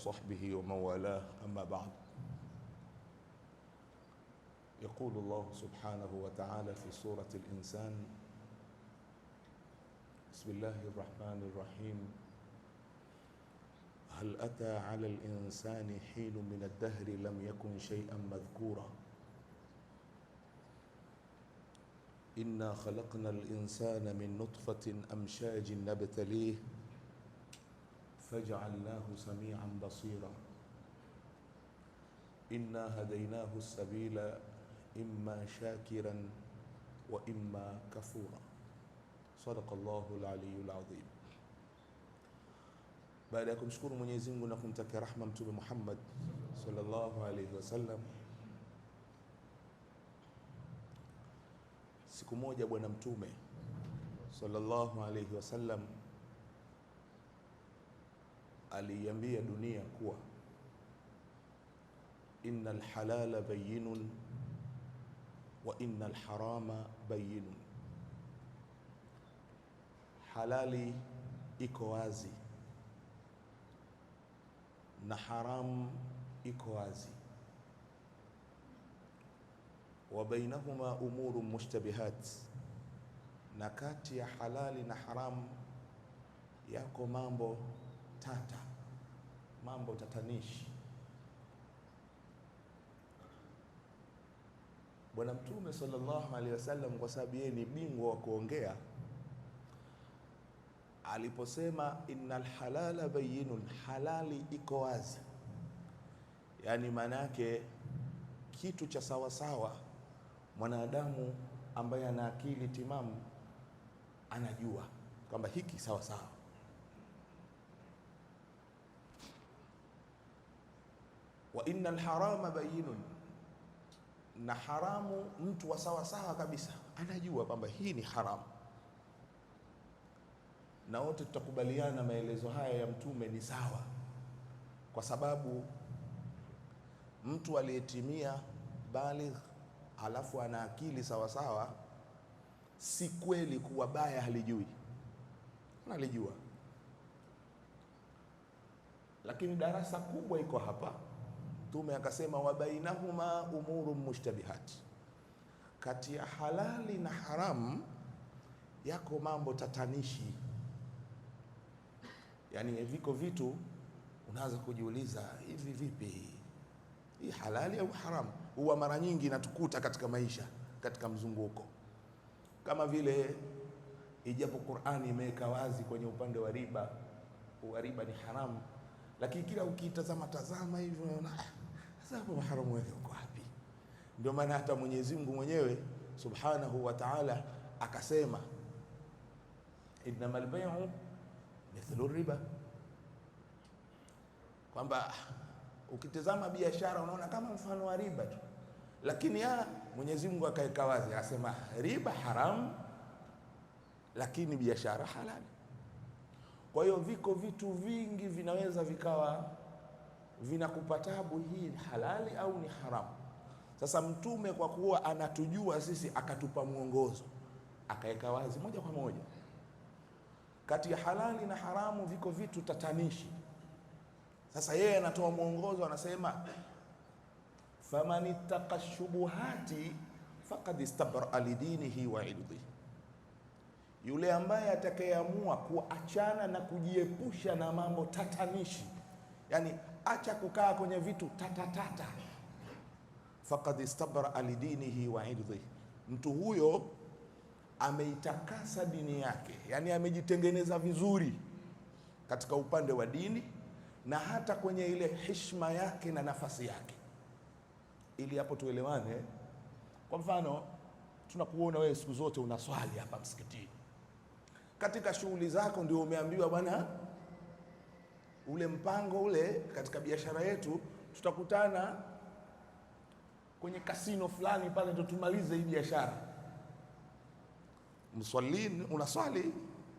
وصحبه ومن والاه أما بعد يقول الله سبحانه وتعالى في سورة الإنسان بسم الله الرحمن الرحيم هل أتى على الإنسان حين من الدهر لم يكن شيئا مذكورا إنا خلقنا الإنسان من نطفة أمشاج نبتليه فجعلناه سميعا بصيرا انا هديناه السبيل اما شاكرا واما كفورا صدق الله العلي العظيم بعد ان اشكر من يزين رحمه محمد صلى الله عليه وسلم siku moja bwana mtume sallallahu alaihi wasallam aliiambia dunia kuwa inna halala bayyinun wa inna harama bayyinun, halali iko wazi na haramu iko wazi, wa bainahuma umuru mushtabihat, na kati ya halali na haramu yako mambo tata, mambo tatanishi. Bwana Mtume sallallahu alaihi wasallam, kwa sababu yeye ni bingwa wa kuongea, aliposema innal halala bayyinun, halali iko wazi, yaani maana yake kitu cha sawasawa. Mwanadamu ambaye ana akili timamu anajua kwamba hiki sawasawa wa innal harama bayinun, na haramu mtu wa sawa sawa kabisa anajua kwamba hii ni haramu, na wote tutakubaliana maelezo haya ya Mtume ni sawa, kwa sababu mtu aliyetimia baligh alafu ana akili sawa sawa, si kweli kuwa baya halijui, analijua, lakini darasa kubwa iko hapa Mtume akasema wa bainahuma umuru mushtabihat, kati ya halali na haramu yako mambo tatanishi. Yani eh, viko vitu unaanza kujiuliza hivi, vipi hii halali au haramu? Huwa mara nyingi inatukuta katika maisha, katika mzunguko, kama vile ijapo Qur'ani imeweka wazi kwenye upande wa riba, wa riba ni haramu, lakini kila ukitazama tazama hivyo unaona ah, sasa maharamu wake uko wapi? Ndio maana hata Mwenyezi Mungu mwenyewe subhanahu wa ta'ala akasema innamal bay'u mithlu riba, kwamba ukitazama biashara unaona kama mfano wa riba tu, lakini ya Mwenyezi Mungu akaeka wazi, akasema riba haramu, lakini biashara halali. Kwa hiyo viko vitu vingi vinaweza vikawa vinakupa tabu, hii halali au ni haramu? Sasa Mtume kwa kuwa anatujua sisi, akatupa mwongozo, akaweka wazi moja kwa moja kati ya halali na haramu, viko vitu tatanishi. Sasa yeye anatoa mwongozo, anasema faman ittaqa shubuhati faqad istabra lidinihi wa irdihi, yule ambaye atakayeamua kuachana na kujiepusha na mambo tatanishi, yani acha kukaa kwenye vitu tatatata, faqad istabraa lidinihi wa irdhihi, mtu huyo ameitakasa dini yake, yani amejitengeneza vizuri katika upande wa dini na hata kwenye ile heshima yake na nafasi yake. Ili hapo tuelewane. Kwa mfano, tunakuona wewe siku zote unaswali hapa msikitini, katika shughuli zako ndio umeambiwa bwana ule mpango ule katika biashara yetu, tutakutana kwenye kasino fulani pale ndo tumalize hii biashara. Mswalini unaswali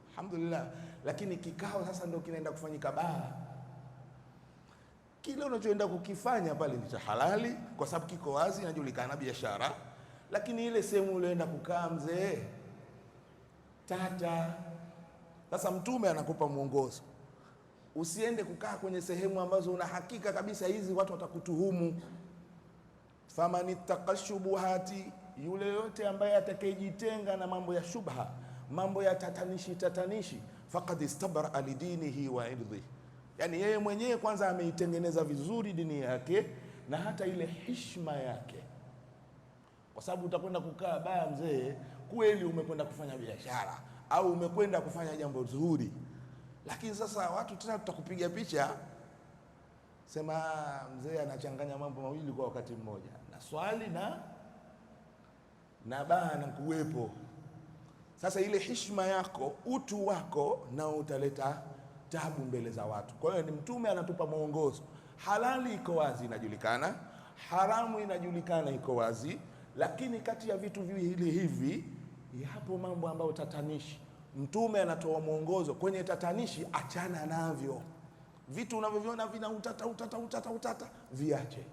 alhamdulillah, lakini kikao sasa ndo kinaenda kufanyika baa. Kile unachoenda kukifanya pale ni cha halali, kwa sababu kiko wazi, inajulikana biashara. Lakini ile sehemu ulioenda kukaa mzee, tata. Sasa Mtume anakupa mwongozo Usiende kukaa kwenye sehemu ambazo una hakika kabisa hizi watu watakutuhumu. faman ittaqa shubuhati, yule yote ambaye atakayejitenga na mambo ya shubha, mambo ya tatanishi tatanishi, faqad istabraa lidinihi wa irdihi, yani yeye mwenyewe kwanza ameitengeneza vizuri dini yake na hata ile hishma yake, kwa sababu utakwenda kukaa baya, mzee, kweli umekwenda kufanya biashara au umekwenda kufanya jambo zuri lakini sasa watu tena tutakupiga picha, sema mzee anachanganya mambo mawili kwa wakati mmoja, na swali na na bana kuwepo. Sasa ile heshima yako, utu wako nao utaleta tabu mbele za watu. Kwa hiyo ni Mtume anatupa mwongozo. Halali iko wazi, inajulikana, haramu inajulikana, iko wazi, lakini kati ya vitu viwili hivi yapo mambo ambayo tatanishi Mtume anatoa mwongozo kwenye tatanishi, achana navyo. Vitu unavyoviona vina utata utata utata utata, viache.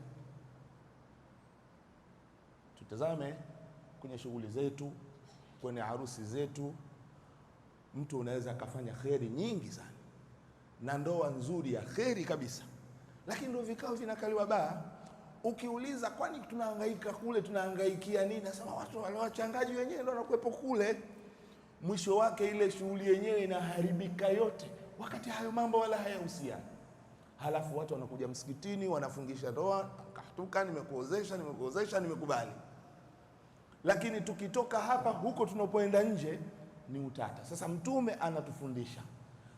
Tutazame kwenye shughuli zetu, kwenye harusi zetu. Mtu unaweza akafanya kheri nyingi sana na ndoa nzuri ya kheri kabisa, lakini ndio vikao vinakaliwa baa. Ukiuliza, kwani tunahangaika kule, tunahangaikia nini? Nasema watu wale wachangaji wenyewe ndio wanakuwepo kule mwisho wake ile shughuli yenyewe inaharibika yote, wakati hayo mambo wala hayahusiani. Halafu watu wanakuja msikitini wanafungisha ndoa, kahtuka, nimekuozesha, nimekuozesha, nimekubali. Lakini tukitoka hapa, huko tunapoenda nje ni utata. Sasa Mtume anatufundisha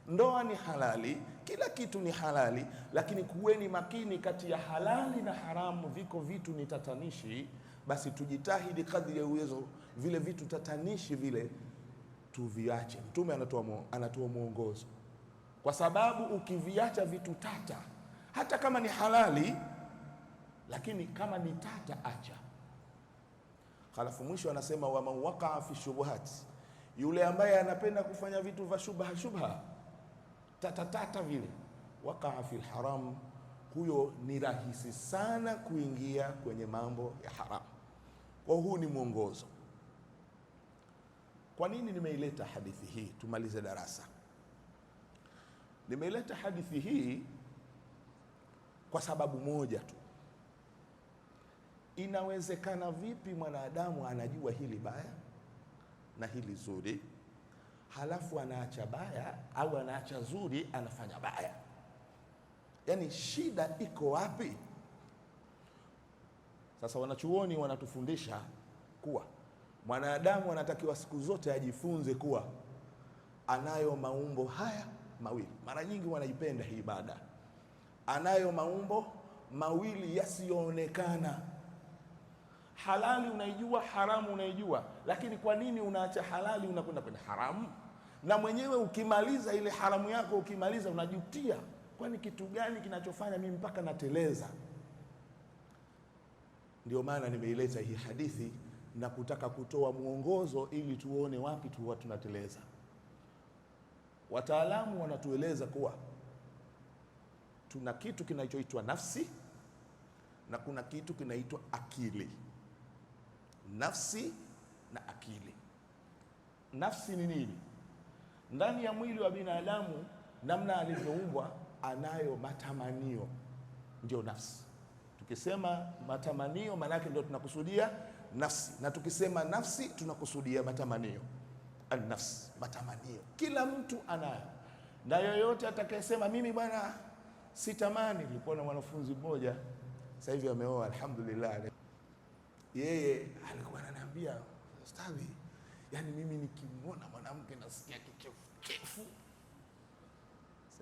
ndoa ni halali, kila kitu ni halali, lakini kuweni makini kati ya halali na haramu. Viko vitu ni tatanishi, basi tujitahidi kadri ya uwezo, vile vitu tatanishi vile tuviache. Mtume anatoa anatoa mwongozo, kwa sababu ukiviacha vitu tata, hata kama ni halali, lakini kama ni tata, acha. Halafu mwisho anasema wa waqaa fi shubuhati, yule ambaye anapenda kufanya vitu vya shubha shubha tata tata vile, waqaa fi lharam, huyo ni rahisi sana kuingia kwenye mambo ya haramu. Kwa huu ni mwongozo kwa nini nimeileta hadithi hii? Tumalize darasa. Nimeileta hadithi hii kwa sababu moja tu. Inawezekana vipi mwanadamu anajua hili baya na hili zuri, halafu anaacha baya au anaacha zuri, anafanya baya? Yaani shida iko wapi? Sasa wanachuoni wanatufundisha kuwa Mwanadamu anatakiwa siku zote ajifunze kuwa anayo maumbo haya mawili. Mara nyingi wanaipenda hii ibada, anayo maumbo mawili yasiyoonekana. Halali unaijua, haramu unaijua, lakini kwa nini unaacha halali unakwenda kwenye haramu? Na mwenyewe ukimaliza ile haramu yako, ukimaliza unajutia, kwani kitu gani kinachofanya mimi mpaka nateleza? Ndio maana nimeileta hii hadithi na kutaka kutoa mwongozo ili tuone wapi tuwa tunateleza. Wataalamu wanatueleza kuwa tuna kitu kinachoitwa nafsi na kuna kitu kinaitwa akili. Nafsi na akili. Nafsi ni nini? Ndani ya mwili wa binadamu, namna alivyoumbwa, anayo matamanio, ndio nafsi. Tukisema matamanio, maanake ndio tunakusudia nafsi, na tukisema nafsi tunakusudia matamanio. Alnafsi, matamanio kila mtu anayo, na yoyote atakayesema mimi bwana sitamani. Nilikuwa na mwanafunzi mmoja sasa hivi ameoa, alhamdulillah. Yeye alikuwa ananiambia ustadhi, yani mimi nikimwona mwanamke nasikia kichefuchefu.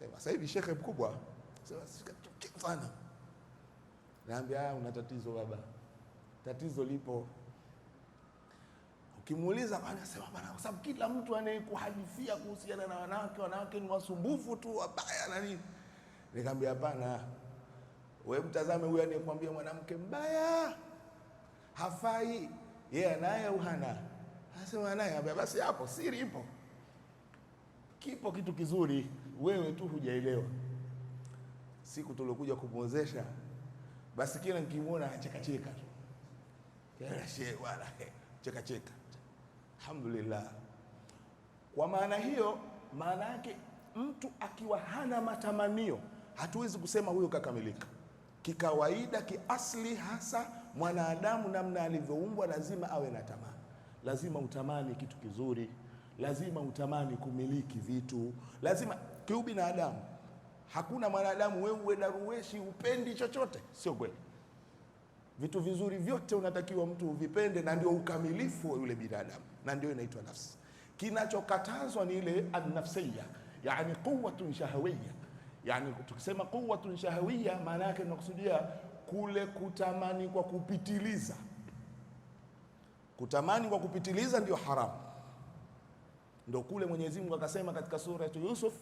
Sema sasa hivi shekhe mkubwa sana, naambia ah, una tatizo baba, tatizo lipo Ukimuuliza bwana sema bana, kwa sababu kila mtu anayekuhadithia kuhusiana na wanawake, wanawake ni wasumbufu tu, wabaya na nini. Nikamwambia bana, wewe mtazame huyu anayekwambia mwanamke mbaya hafai, yeye yeah, anaye au hana? Anasema anaye. Basi hapo siri ipo, kipo kitu kizuri, wewe tu hujaelewa. Siku tuliokuja kumwozesha, basi kila nikimwona anachekacheka tu, yaani, wala chekacheka Alhamdulillah. Kwa maana hiyo, maana yake mtu akiwa hana matamanio, hatuwezi kusema huyo kakamilika. Kikawaida, kiasli, hasa mwanadamu namna alivyoumbwa, lazima awe na tamaa. Lazima utamani kitu kizuri, lazima utamani kumiliki vitu, lazima kiubinadamu. Hakuna mwanadamu wewe uwe daruweshi upendi chochote, sio kweli. Vitu vizuri vyote unatakiwa mtu uvipende, na ndio ukamilifu wa yule binadamu na ndio inaitwa nafsi. Kinachokatazwa ni ile annafsiya, yani quwatun shahawiyya. Yani tukisema quwwatun shahawiyya, maana yake tunakusudia kule kutamani kwa kupitiliza. Kutamani kwa kupitiliza ndio haramu, ndio kule Mwenyezi Mungu akasema katika ya Yusuf,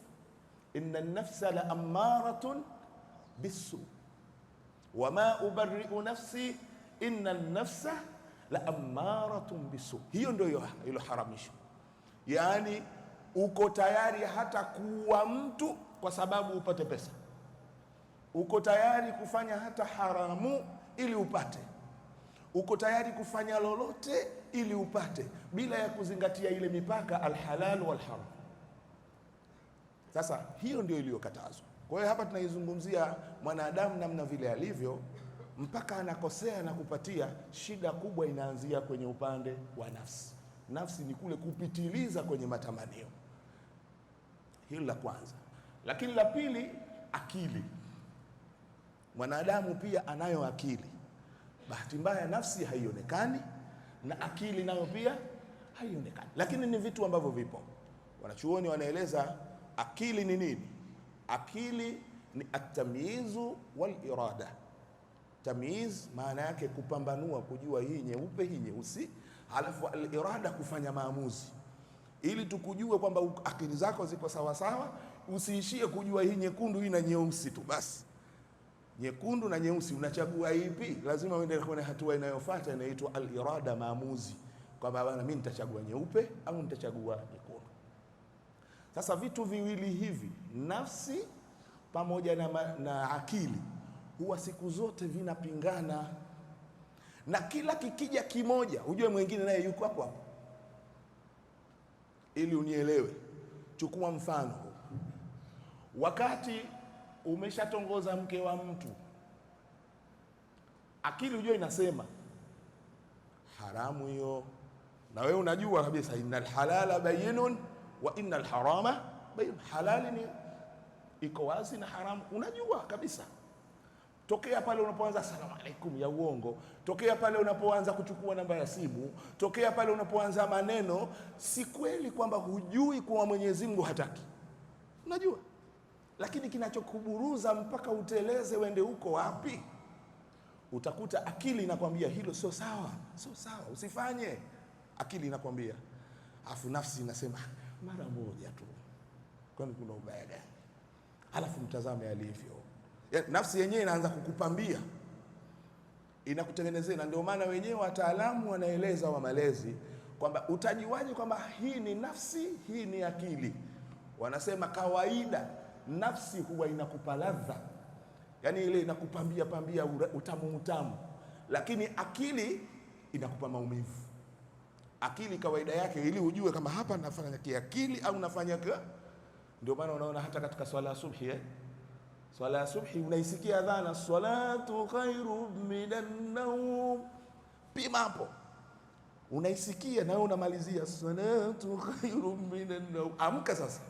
inna nafsa la amaratun bisu wama ubariu nafsi inna nafsa la amaratun bisu, hiyo ndio iloharamisho. Yaani uko tayari hata kuua mtu kwa sababu upate pesa, uko tayari kufanya hata haramu ili upate, uko tayari kufanya lolote ili upate, bila ya kuzingatia ile mipaka alhalal walharam. Sasa hiyo ndio iliyokatazwa. Kwa hiyo hapa tunaizungumzia mwanadamu namna vile alivyo mpaka anakosea na kupatia shida kubwa, inaanzia kwenye upande wa nafsi. Nafsi ni kule kupitiliza kwenye matamanio. hili la kwanza, lakini la pili, akili. Mwanadamu pia anayo akili. Bahati mbaya, nafsi haionekani na akili nayo pia haionekani, lakini ni vitu ambavyo vipo. Wanachuoni wanaeleza akili ni nini. Akili ni atamyizu wal irada tamiz maana yake kupambanua, kujua hii nyeupe, hii nyeusi. Alafu alirada, kufanya maamuzi, ili tukujue kwamba akili zako ziko sawasawa. Usiishie kujua hii nyekundu, hii na nyeusi tu basi. Nyekundu na nyeusi unachagua ipi? Lazima uende kwenye hatua inayofuata inaitwa alirada, maamuzi, kwamba bwana, mimi nitachagua nyeupe au nitachagua nyekundu. Sasa vitu viwili hivi, nafsi pamoja na, na akili huwa siku zote vinapingana, na kila kikija kimoja hujue mwingine naye yuko hapo hapo. Ili unielewe, chukua mfano. Wakati umeshatongoza mke wa mtu, akili hujue inasema haramu hiyo, na wewe unajua kabisa, innal halala bayinun wa innal harama halali ni iko wazi na haramu unajua kabisa tokea pale unapoanza salamu alaikum ya uongo, tokea pale unapoanza kuchukua namba ya simu, tokea pale unapoanza maneno si kweli, kwamba hujui kuwa Mwenyezi Mungu hataki, unajua, lakini kinachokuburuza mpaka uteleze uende huko wapi? Utakuta akili inakwambia hilo sio sawa, sio sawa, usifanye. Akili inakwambia afu nafsi inasema mara moja tu, kwani kuna ubaya gani? Alafu mtazame alivyo nafsi yenyewe inaanza kukupambia inakutengenezea, na ndio maana wenyewe wataalamu wanaeleza wa malezi kwamba utajiwaje kwamba hii ni nafsi, hii ni akili. Wanasema kawaida nafsi huwa inakupa ladha, yaani ile inakupambia pambia utamu utamu, lakini akili inakupa maumivu. Akili kawaida yake, ili ujue kama hapa nafanya kiakili au nafanya, ndio maana unaona hata katika swala ya subhi eh? swala ya subhi unaisikia dhana, salatu khairu minan naum. Pima hapo, unaisikia nawe unamalizia salatu khairu minan naum. Amka sasa,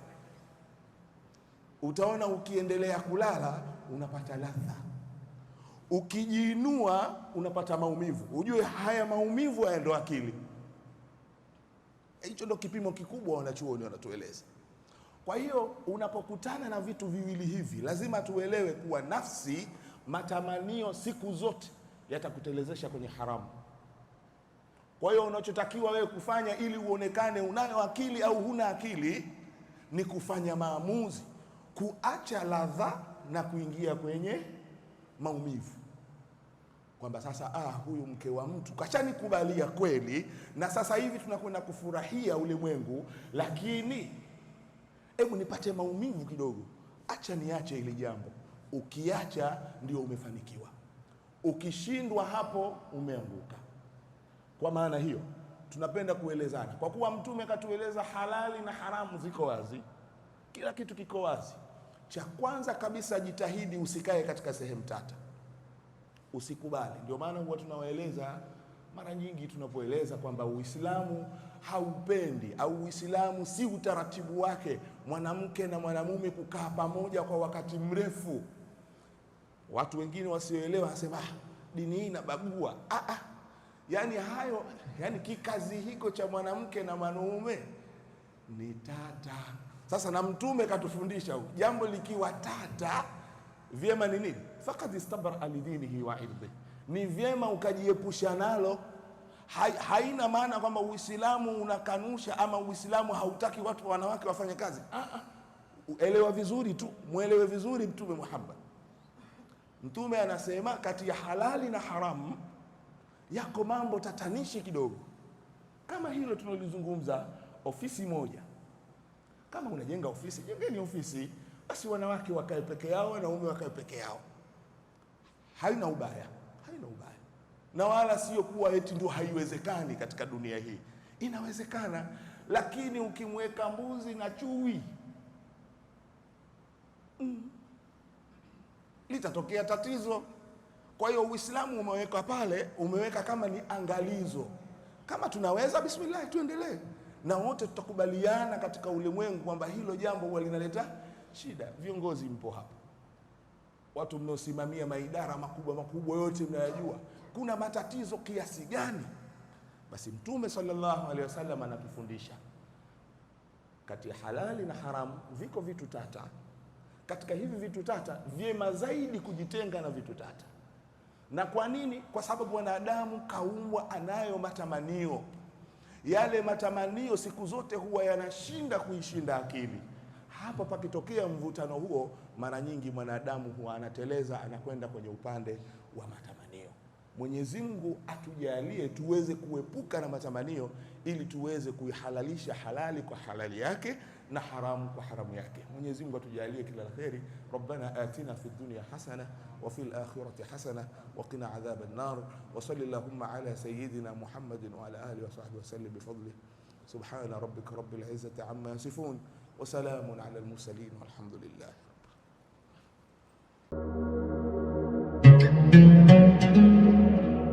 utaona ukiendelea kulala unapata ladha, ukijiinua unapata maumivu. Ujue haya maumivu haya ndo akili. Hicho ndo kipimo kikubwa wanachuoni wanatueleza. Kwa hiyo unapokutana na vitu viwili hivi, lazima tuelewe kuwa nafsi, matamanio siku zote yatakutelezesha kwenye haramu. Kwa hiyo unachotakiwa wewe kufanya ili uonekane unayo akili au huna akili ni kufanya maamuzi kuacha ladha na kuingia kwenye maumivu, kwamba sasa, ah, huyu mke wa mtu kashanikubalia kweli, na sasa hivi tunakwenda kufurahia ulimwengu, lakini hebu nipate maumivu kidogo, acha niache hili jambo. Ukiacha ndio umefanikiwa, ukishindwa hapo umeanguka. Kwa maana hiyo tunapenda kuelezana, kwa kuwa Mtume katueleza halali na haramu ziko wazi, kila kitu kiko wazi. Cha kwanza kabisa, jitahidi usikae katika sehemu tata, usikubali. Ndio maana huwa tunawaeleza mara nyingi tunapoeleza kwamba Uislamu haupendi au Uislamu si utaratibu wake mwanamke na mwanamume kukaa pamoja kwa wakati mrefu. Watu wengine wasioelewa wanasema ah, dini hii inabagua. Ah, ah, yani hayo yani kikazi hiko cha mwanamke na mwanaume ni tata. Sasa na Mtume katufundisha jambo likiwa tata vyema ni nini? Fakad istabra lidinihi wa irdhi ni vyema ukajiepusha nalo haina maana kwamba Uislamu unakanusha ama Uislamu hautaki watu wanawake wafanye kazi. Ah, ah. Elewa vizuri tu, mwelewe vizuri Mtume Muhammad. Mtume anasema kati ya halali na haramu yako mambo tatanishi kidogo, kama hilo tunalizungumza. Ofisi moja, kama unajenga ofisi, jengeni ofisi basi wanawake wakae peke yao, wanaume wakae peke yao, haina ubaya, haina ubaya na wala sio kuwa eti ndio haiwezekani katika dunia hii, inawezekana. Lakini ukimweka mbuzi na chui mm, litatokea tatizo. Kwa hiyo Uislamu umeweka pale, umeweka kama ni angalizo, kama tunaweza, bismillah, tuendelee na wote tutakubaliana katika ulimwengu kwamba hilo jambo huwa linaleta shida. Viongozi mpo hapa, watu mnaosimamia maidara makubwa makubwa, yote mnayajua kuna matatizo kiasi gani? Basi Mtume sallallahu alaihi wasallam anatufundisha kati ya halali na haramu viko vitu tata. Katika hivi vitu tata, vyema zaidi kujitenga na vitu tata. Na kwa nini? Kwa sababu mwanadamu kaumbwa, anayo matamanio. Yale matamanio siku zote huwa yanashinda kuishinda akili. Hapa pakitokea mvutano huo, mara nyingi mwanadamu huwa anateleza, anakwenda kwenye upande wa matamanio. Mwenyezi Mungu atujalie tuweze kuepuka na matamanio ili tuweze kuihalalisha halali kwa halali yake na haramu kwa haramu yake. Mwenyezi Mungu atujalie kila la kheri. Rabbana atina fid dunya hasana wa fil akhirati hasana wa qina adhaban nar wa sallallahu ala sayyidina Muhammadin wa ala alihi wa sahbihi wasallim fadli subhana rabbika rabbil izzati amma yasifun wa salamun ala al mursalin walhamdulillah